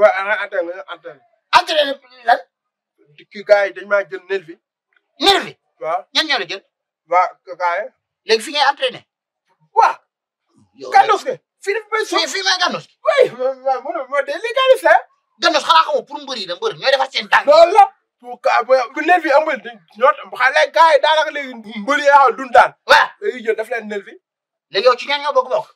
waaw ana entraîné entraîné. entraîné lan. kii gars yi dañ maa jël nervi. nervi. waaw ñan ñoo la jël. waaw gars yi. léegi fi ngay entraîné. waaw. yow gàndos ke. fii dafa may fii fii may gàndos. oui ma ma ma de lii gàndos la. gàndos xanaa xamul pour mbër yi la mbër ñooy defar seen tànk. loolu la. pour ka bu nervi amul ñoo xale gars yi daanaka léegi mbër yi xaw dun daan. waaw léegi jël daf leen nervi. léegi yow ci ñaan ñoo bokk bokk.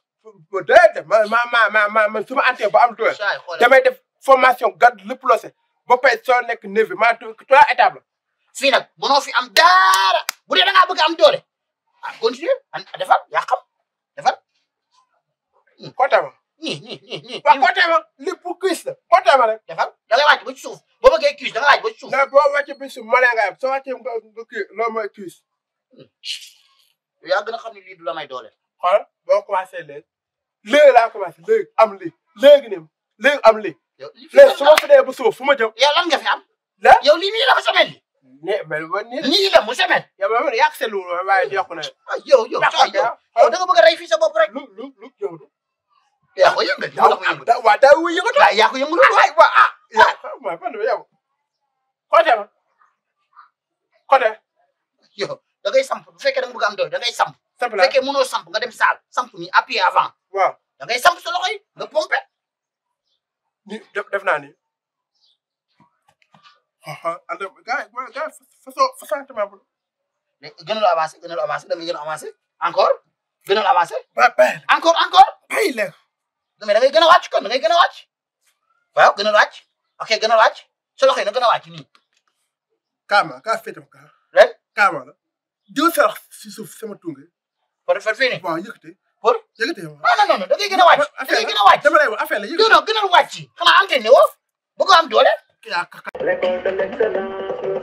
déedéet ma ma ma ma ma su ma entraîné ba am doole. damay def formation gàdd lépp loo se ba pay soo nekk neveu maa trois étapes la. fii nag mënoo fi am daara bu dee da ngaa bëgg am doole ah continuer a defar yaa xam defar. Hmm. côté ma. nii nii lépp pour la côté ma rek. defar da ngay ba ci suuf boo bëggee cuisse da ba ci suuf. mais boo ba ci suuf soo wàccee nga kii loo mooy cuisse. Hmm. yaa gën a xam ne lii du la may doole. xool boo commencé léegi léegi laa commencé léegi am lii léegi nii léegi am lii. yow li fi su ma fi dee ba suuf fu ma jëm. yow lan nga fi am. la yow lii nii la ma semel li. ne mel ba nii la nii la mu semel. yow man man yàq sa luur waaye yokk na. yow yow sooy yow da nga a rey fii sa bopp rek. lu lu lu yëngatu. yaa ko yëngatu yaa ko yëngatu. waaw daa wuy yëngatu. ko ah. waaw ah, ah, ah, man samp bu fekkee da nga am doy da ngay samp. samp la bu mënoo samp nga dem saal samp nii appuyé avant. waaw samp sa loxo nga pompe ni def naa ni ande gars yi gars yi façon façon tamit amul. mais gënal avancé gënal avancé damay gën a avancé encore gënal avancé. encore encore. bay la. non mais da ngay gën a wàcc kon da ngay gën a wàcc. waaw gën a wàcc. ok gën a wàcc. sa loxo yi na gën a wàcc nii. kaama kaa si suuf sama tunge. kon far fii pour yëkkati non non non da ngay gën a wàcc da ngay gën a la yëkkati non non gënal wàcc xanaa antenne woo bëgg am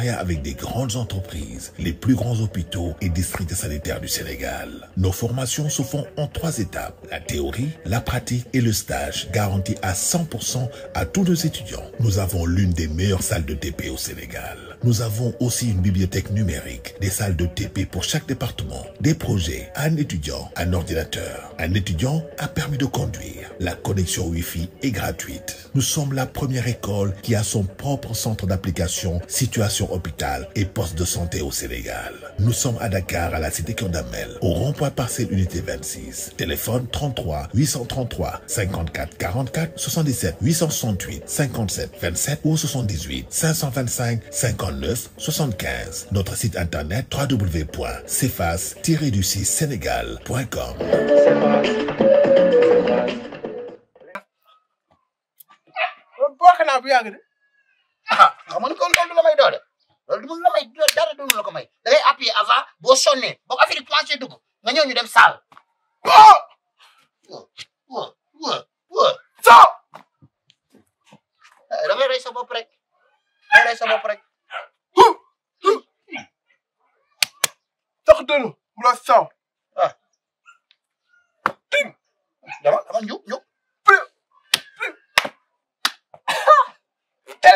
partenariat avec des grandes entreprises, les plus grands hôpitaux et districts sanitaires du Sénégal. Nos formations se font en trois étapes, la théorie, la pratique et le stage, garantis à 100% à tous nos étudiants. Nous avons l'une des meilleures salles de TP au Sénégal. Nous avons aussi une bibliothèque numérique, des salles de TP pour chaque département, des projets, un étudiant, un ordinateur, un étudiant, un permis de conduire. La connexion Wi-Fi est gratuite. Nous sommes la première école qui a son propre centre de santé au Sénégal. Nous sommes à Dakar, à la cité Kondamel, au rond-point parcelle unité 26. Téléphone 33 833 109 75. Notre site internet www.cefas-du6sénégal.com. boo xanaa bu yàgg de. ah xam nga kon loolu la may doole loolu du la may dara du la ko may da ngay appuyer avant boo sonnee boo affaire yi planché dugg nga ñëw ñu dem salle.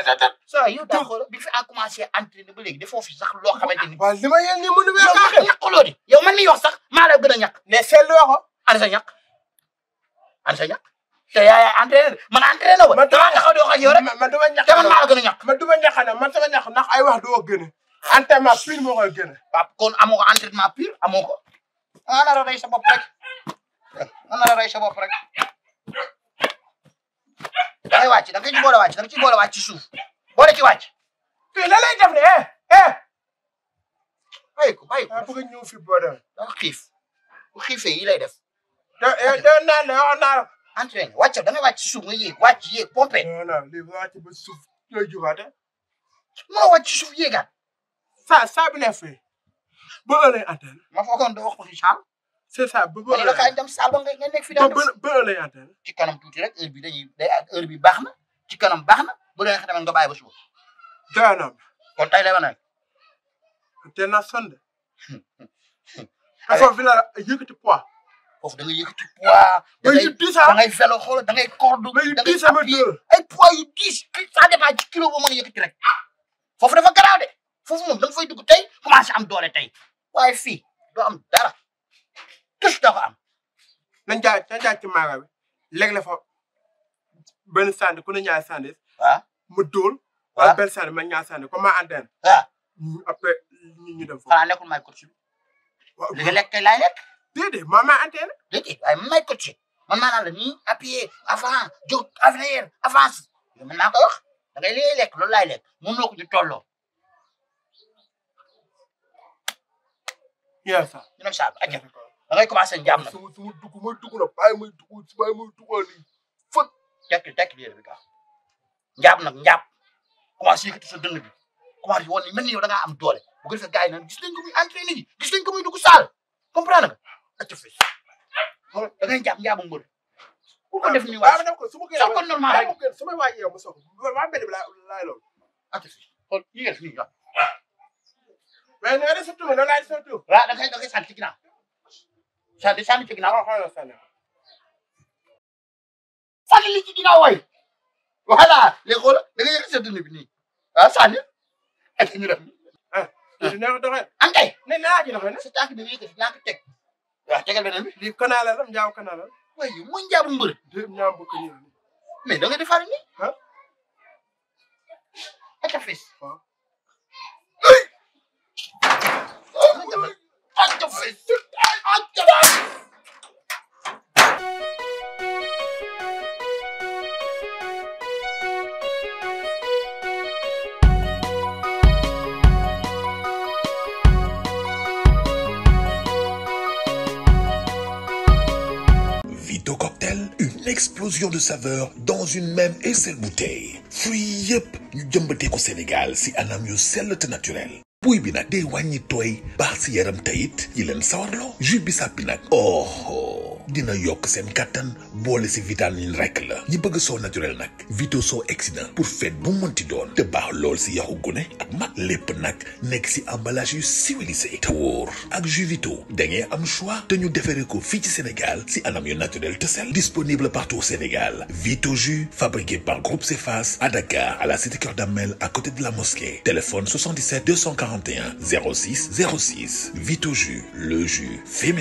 saa yow daa xool bi fi a commencé entraîné ba léegi dafoo foofu sax loo xamante ni. waaw li ma yéen nii mënu ma yéen ñàkkuloo di yow man mi wax sax maa la gën a ñàkk. mais seetlu waxoon. ana sa ñàkk ana sa ñàkk te yaa yaa entraîné man entraîné na man damaa taxaw di wax ak yow rek. man duma ñàkk te man maa a ñàkk. man man sama ñàkk ndax ay wax doo gën a. entraînement pur moo koy gën a. waaw kon amoo ko entraînement pur ko. nga nar a rey sa bopp rek nga nar a rey sa bopp rek da ngay wàcc da nga ciy boole wàcc da nga ciy boole ci suuf boole ci wàcc. kii la def ne eh eh. bàyyi ko bàyyi ñëw fi boole. da xiif bu xiifee yi lay def. da da naan la wax naa la. entraîné wàcc da ngay wàcc ci suuf nga yéeg wàcc yéeg suuf looy suuf yéegaat. saa saa bi ne fee. boo ëllëgee antenne. ma foogoon doo wax ko si c'est ça ba bële la dem saal ba nga nekk fi. daanaka ba bële la ci kanam tuuti rek heure bi dañuy day heure bi baax na ci kanam baax na bu la neexee tamit nga bàyyi ba suba. daanaka. kon tey lay wane rek. teel naa sonn. aywa foofu bi la yëkkati poids. foofu da ngay yëkkati poids. da ngay ah. da ngay vélo xool da ngay corde. da ngay appuyer ay poids yu diis ça dépend ci kilo boo mën a yëkkati rek. foofu dafa garaaw de foofu moom da nga fay dugg tey commencé am doole tey waaye fii doo am dara. tus doo ko am nañ jaay nañ jaay ci maaga bi léeg-léeg fa benn sànni ku ne ñaari sànni. waaw mu dóol. waaw wala benn sànni ma ñaari sànni comme ma antenne. waaw après ñu dem foofu. xanaa lekkul may coach bi. waaw li nga lekk kay laay lekk. déedéet maa maa antenne. déedéet waaye man may coach man maa naan la nii appuyer avant jóg avenir avance mën naa ko wax da ngay lay lekk loolu laay lekk mënoo ko ñu tolloo. yaa sa. ñu ne saa ba da ngay commencé njaam nag. su ma su ma dugg ma dugg nag bàyyi ma dugg bàyyi ma duggal nii fët. tekki tekki yére bi gaaw njaam nag njaam commencé yëkkati sa dënn bi commencé woon ni mel ni yow da ngaa am doole bu ko defee gars yi naan gis nañ ko muy entraîné yi gis nañ ko muy dugg saal comprendre nga. acca fee loolu da ngay njaam njaamu mbër. pour ko def nii waa su ma ko normal rek su ma waajee yow ma soog waa mbedd bi laay laay loolu. acca fee xool yéen fii ñu wax. mais ni nga def sa tur la laay def sa tur. waaw da ngay da ngay sant ci ginnaaw. di sànni ci ginnaaw sànni li ci ginnaaw way voilà léegi xool da nga yëg sa dund bi nii ah sànni ak ñu def ah dina doxee ankay ne naa ci doxee na sa tànk da nga yëkkati naa ko teg waaw tegal beneen bi lii kanaala la njaaw kanaala waaye mooy njaabu mbër ñaam bokk ñu mais da nga defar ni ah ak fis ak fis Vito Cocktail une explosion de saveur dans une même et seule bouteille fruits yëpp ñu jëmbatee ko Sénégal si anam yu sell te naturel puy bi nag day wàññi tooy baax si yaram tayit yi leen sawarloo jus bisaab bi nag oh dina yokk seen kàttan boole si vitamine rek la ñi bëgg soo naturel nag vito soo exsident pour fête bu mënti doon te baax lool si yaxu gune ak mag lépp nag nekk si emballage yu civilisé te wóor ak jus vito da ngeen am choix te ñu defaree ko fii ci Sénégal si anam yu naturel te sel disponible partout au Sénégal vito jus fabriqué par Groupe Cefas à Dakar à la cité Keur Damel à côté 41 06 06 Vite au jus, le jus fait